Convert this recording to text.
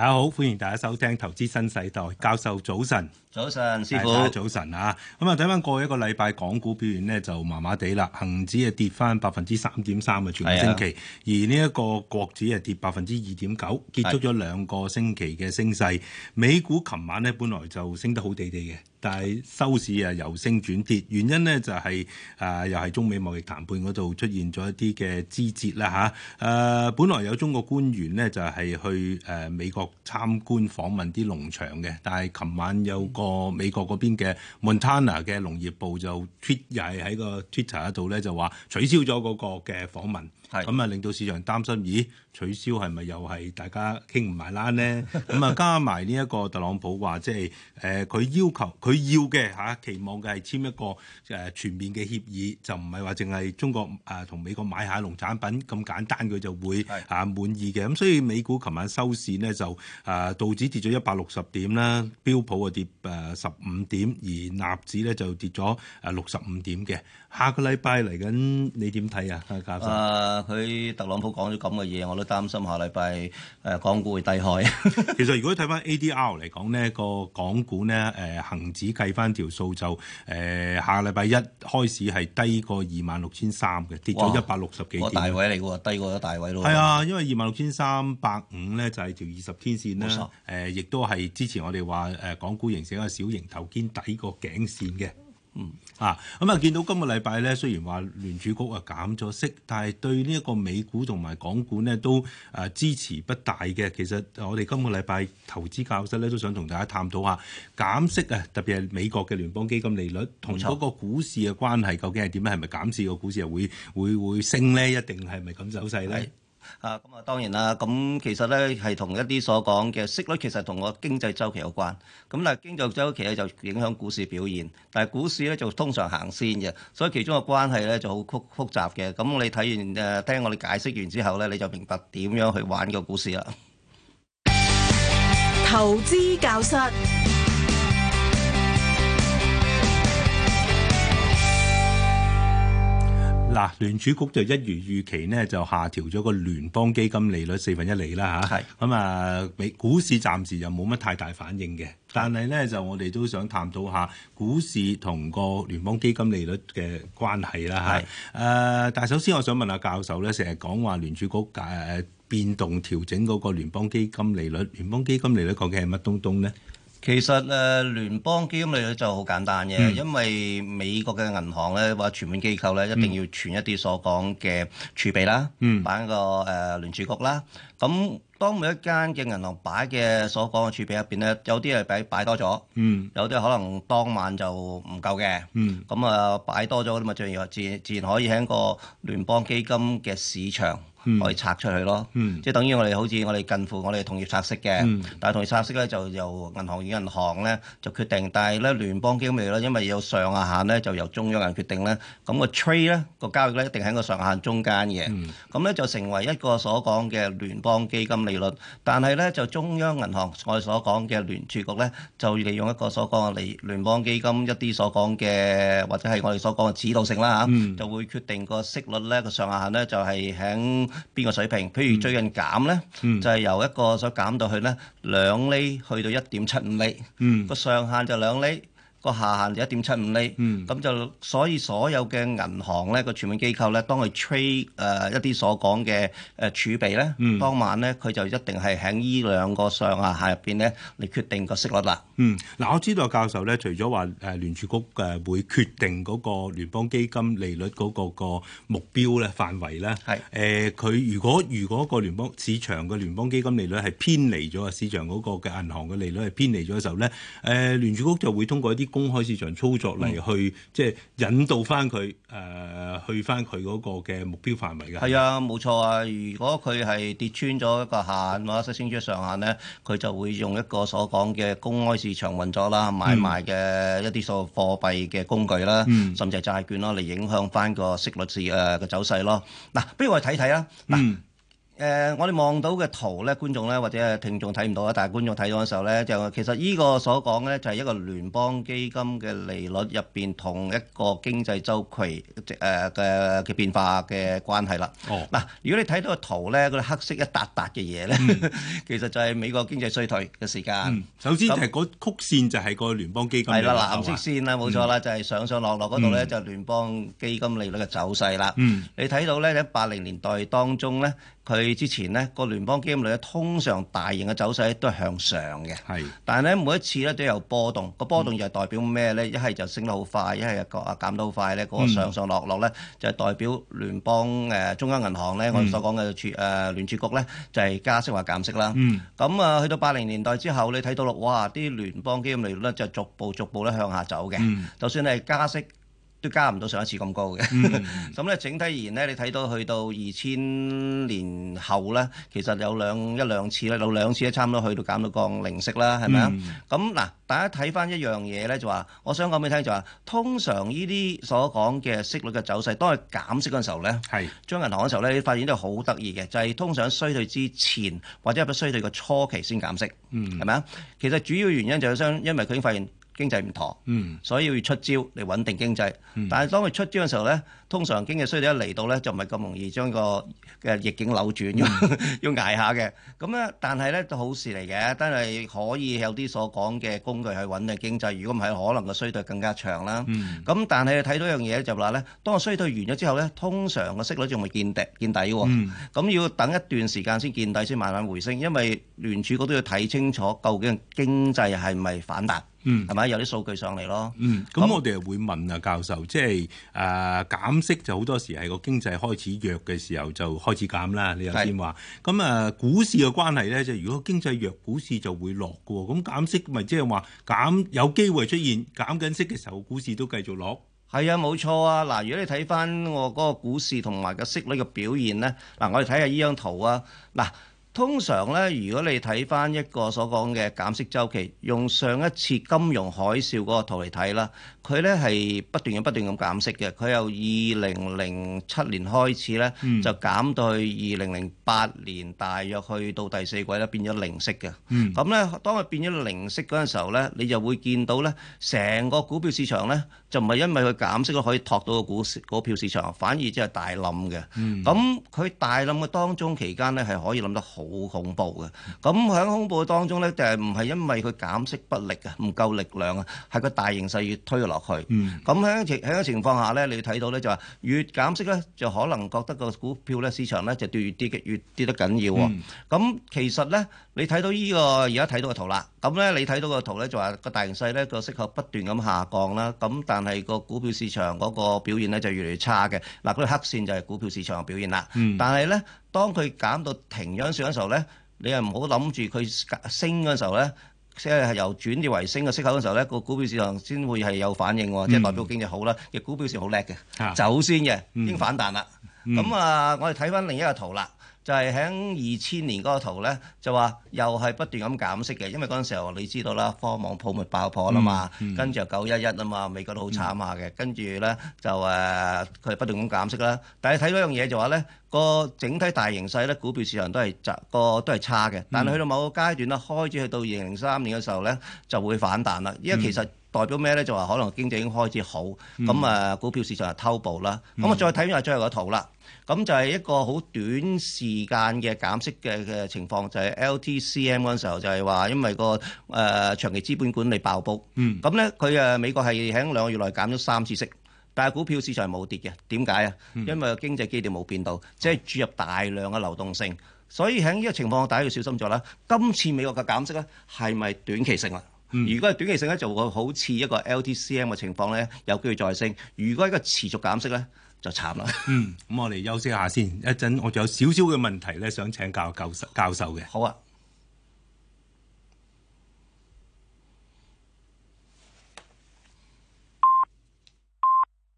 大家好，歡迎大家收聽《投資新世代》，教授早晨，早晨，早晨師傅，早晨啊！咁、嗯、啊，睇翻過去一個禮拜，港股表現咧就麻麻地啦，恒指啊跌翻百分之三點三嘅全星期，的而呢一個國指啊跌百分之二點九，結束咗兩個星期嘅升勢。的美股琴晚咧，本來就升得好地地嘅。但係收市啊由升轉跌，原因咧就係、是、啊、呃、又係中美貿易談判嗰度出現咗一啲嘅枝節啦嚇。誒、啊、本來有中國官員咧就係、是、去誒、呃、美國參觀訪問啲農場嘅，但係琴晚有個美國嗰邊嘅 Montana 嘅農業部就 Twitter 喺個 Twitter 度咧就話取消咗嗰個嘅訪問。係咁啊，是令到市場擔心，咦、哎？取消係咪又係大家傾唔埋欄咧？咁啊、 這個，加埋呢一個特朗普話，即係誒佢要求佢要嘅嚇、啊，期望嘅係簽一個誒、呃、全面嘅協議，就唔係話淨係中國啊同、呃、美國買下農產品咁簡單，佢就會啊、呃、滿意嘅。咁所以美股琴晚收市呢，就啊、呃、道指跌咗一百六十點啦，標普啊跌誒十五點，而納指咧就跌咗啊六十五點嘅。下個禮拜嚟緊，你點睇啊？啊，教佢特朗普講咗咁嘅嘢，我都擔心下禮拜誒港股會低開。 其實如果睇翻 ADR 嚟講，呢個港股呢，誒恆指計翻條數就誒下禮拜一開始係低過二萬六千三嘅，跌咗一百六十幾點。嗰個，大位嚟喎，低過咗大位咯。係 啊，因為二萬六千三百五呢，就係條二十天線啦。誒錯、呃，亦都係之前我哋話誒港股形成一個小型頭肩底個頸線嘅。嗯啊，咁啊，見到今個禮拜咧，雖然話聯儲局啊減咗息，但係對呢一個美股同埋港股咧都誒、呃、支持不大嘅。其實我哋今個禮拜投資教室咧都想同大家探討下減息啊，特別係美國嘅聯邦基金利率同嗰個股市嘅關係究竟係點咧？係咪減少個股市又會會會，會升咧？一定係咪咁走勢咧？啊，咁啊，當然啦。咁其實咧係同一啲所講嘅息率，其實同個經濟周期有關。咁但係經濟周期咧就影響股市表現，但係股市咧就通常行先嘅。所以其中嘅關係咧就好複複雜嘅。咁你睇完誒，聽我哋解釋完之後咧，你就明白點樣去玩個股市啦。投資教室。嗱、啊，聯儲局就一如預期呢就下調咗個聯邦基金利率四分一厘啦嚇。咁是啊，美股市暫時又冇乜太大反應嘅，但係咧就我哋都想探討下股市同個聯邦基金利率嘅關係啦嚇。誒是、啊，但係首先我想問下教授咧，成日講話聯儲局誒、呃、變動調整嗰個聯邦基金利率，聯邦基金利率究竟係乜東東咧？其實誒聯、呃、邦基金咧就好簡單嘅，嗯、因為美國嘅銀行咧或者存款機構咧一定要存一啲所講嘅儲備啦，擺、嗯、個誒聯儲局啦，咁、嗯。當每一間嘅銀行擺嘅所講嘅儲備入邊咧，有啲係擺擺多咗，嗯、有啲可能當晚就唔夠嘅。咁啊、嗯，擺多咗咁啊，自然話自自然可以喺個聯邦基金嘅市場可以拆出去咯。嗯嗯、即係等於我哋好似我哋近乎我哋同業拆息嘅，嗯、但係同業拆息咧就由銀行與銀行咧就決定。但係咧聯邦基金咪咯，因為有上下限咧就由中央人決定咧。咁、個 trade 咧個交易咧一定喺個上限中間嘅。咁咧、嗯、就成為一個所講嘅聯邦基金利率，但係咧就中央銀行我哋所講嘅聯儲局咧，就利用一個所講嘅聯邦基金一啲所講嘅或者係我哋所講嘅指導性啦嚇，嗯、就會決定個息率咧個上下限咧就係喺邊個水平？譬如最近減咧，嗯、就係由一個所減到去咧兩厘去到一點七五厘，個、嗯、上限就兩厘。個下限就一點七五厘，咁就所以所有嘅銀行咧、個傳媒機構咧，當佢 trade 誒一啲所講嘅誒儲備咧，當晚咧佢就一定係喺呢兩個上下限入邊咧嚟決定個息率啦。嗯，嗱我知道教授咧，除咗話誒聯儲局誒會決定嗰個聯邦基金利率嗰個個目標咧範圍咧，係誒佢如果如果個聯邦市場嘅聯邦基金利率係偏離咗嘅市場嗰個嘅銀行嘅利率係偏離咗嘅時候咧，誒聯儲局就會通過一啲。公開市場操作嚟去，即係引導翻佢誒去翻佢嗰個嘅目標範圍㗎。係啊，冇錯啊！如果佢係跌穿咗一個限或者升穿咗上限咧，佢就會用一個所講嘅公開市場運作啦，買賣嘅一啲所謂貨幣嘅工具啦，嗯、甚至係債券啦，嚟影響翻個息率市誒嘅走勢咯。嗱、啊，不如我哋睇睇啊。嗱、啊。嗯誒，我哋望到嘅圖咧，觀眾咧或者係聽眾睇唔到啊，但係觀眾睇到嘅時候咧，就其實依個所講咧，就係一個聯邦基金嘅利率入邊同一個經濟週期誒嘅嘅變化嘅關係啦。哦，嗱，如果你睇到個圖咧，嗰啲黑色一笪笪嘅嘢咧，其實就係美國經濟衰退嘅時間。首先就係嗰曲線就係個聯邦基金。係啦，藍色線啦，冇錯啦，就係上上落落嗰度咧，就係聯邦基金利率嘅走勢啦。嗯，你睇到咧喺八零年代當中咧。佢之前咧個聯邦基金利率通常大型嘅走勢都向上嘅係，但係咧每一次咧都有波動，個波動就係代表咩咧？一係就升得好快，一係個減得好快咧。個上上落落咧就係代表聯邦誒中央銀行咧，我哋所講嘅處誒聯儲局咧就係加息或減息啦。咁啊，去到八零年代之後，你睇到咯，哇！啲聯邦基金利率咧就逐步逐步咧向下走嘅，就算係加息。都加唔到上一次咁高嘅，咁咧整體而言咧，你睇到去到二千年後咧，其實有兩一兩次咧，有兩次咧，差唔多去到減到降零息啦，係咪啊？咁嗱，大家睇翻一樣嘢咧，就話我想講俾你聽就話，通常呢啲所講嘅息率嘅走勢，當佢減息嗰陣時候咧，係將銀行嗰陣時候咧，你發現都係好得意嘅，就係通常衰退之前或者入衰退嘅初期先減息，係咪啊？其實主要原因就係相因為佢已經發現。經濟唔妥，所以要出招嚟穩定經濟。但係當佢出招嘅時候咧，通常經濟衰退一嚟到咧，就唔係咁容易將個嘅逆境扭轉，要要捱下嘅咁咧。但係咧都好事嚟嘅，但係可以有啲所講嘅工具去穩定經濟。如果唔係，可能個衰退更加長啦。咁但係睇到一樣嘢就話咧，當個衰退完咗之後咧，通常個息率仲會見底見底㗎喎，咁要等一段時間先見底先慢慢回升，因為聯儲局都要睇清楚究竟經濟係咪反彈。嗯，係咪有啲數據上嚟咯？嗯，咁我哋會問啊，教授，即係誒、呃、減息就好多時係個經濟開始弱嘅時候就開始減啦。你頭先話，咁誒是、呃、股市嘅關係咧，就如果經濟弱，股市就會落㗎喎。咁減息咪即係話減有機會出現減緊息嘅時候，股市都繼續落。係啊，冇錯啊。嗱，如果你睇翻我嗰個股市同埋個息率嘅表現咧，嗱，我哋睇下呢張圖啊，嗱。通常咧，如果你睇翻一個所講嘅減息周期，用上一次金融海嘯嗰個圖嚟睇啦，佢咧係不斷咁不斷咁減息嘅。佢由二零零七年開始咧，嗯、就減到去二零零八年，大約去到第四季咧變咗零息嘅。咁咧、嗯，當佢變咗零息嗰陣時候咧，你就會見到咧，成個股票市場咧就唔係因為佢減息咧可以托到個股市股票市場，反而即係大冧嘅。咁佢、嗯、大冧嘅當中期，期間咧係可以冧得好。好恐怖嘅，咁喺恐怖當中咧，就係唔係因為佢減息不力啊，唔夠力量啊，係個大形勢越推落去。咁喺情喺個情況下咧，你睇到咧就話越減息咧，就可能覺得個股票咧市場咧就跌越跌嘅越跌得緊要喎。咁其實咧，你睇到呢個而家睇到個圖啦，咁咧你睇到個圖咧就話個大形勢咧個息口不斷咁下降啦。咁但係個股票市場嗰個表現咧就越嚟越差嘅，嗱嗰啲黑線就係股票市場嘅表現啦。但係咧。當佢減到停咗上嘅時候咧，你又唔好諗住佢升嘅時候咧，即係由轉跌為升嘅息口嘅時候咧，個股票市場先會係有反應，嗯、即係代表經濟好啦，嘅股票市場好叻嘅走先嘅，嗯、已經反彈啦。咁啊、嗯，我哋睇翻另一個圖啦。就係喺二千年嗰個圖咧，就話又係不斷咁減息嘅，因為嗰陣時候你知道啦，科網泡沫爆破啦嘛，嗯嗯、跟住就九一一啊嘛，美國都好慘下嘅，嗯、跟住咧就誒佢係不斷咁減息啦。但係睇到樣嘢就話咧，個整體大形勢咧，股票市場都係集個都係差嘅。但係去到某個階段咧，嗯、開始去到二零零三年嘅時候咧，就會反彈啦。因為其實、嗯。代表咩呢？就話可能經濟已經開始好，咁啊股票市場就偷步啦。咁我再睇下最後個圖啦。咁就係一個好短時間嘅減息嘅嘅情況，就係 LTCM 嗰陣時候就係話因為個誒長期資本管理爆煲。嗯。咁呢佢誒美國係喺兩個月內減咗三次息，但係股票市場係冇跌嘅，點解啊？因為經濟基調冇變到，即係注入大量嘅流動性，所以喺呢個情況下大家要小心咗啦。今次美國嘅減息咧係咪短期性啊？嗯、如果係短期性咧，就會好似一個 LTCM 嘅情況咧，有機會再升；如果係一個持續減息咧，就慘啦。嗯，咁我哋休息下先，一陣我仲有少少嘅問題咧，想請教教教授嘅。好啊。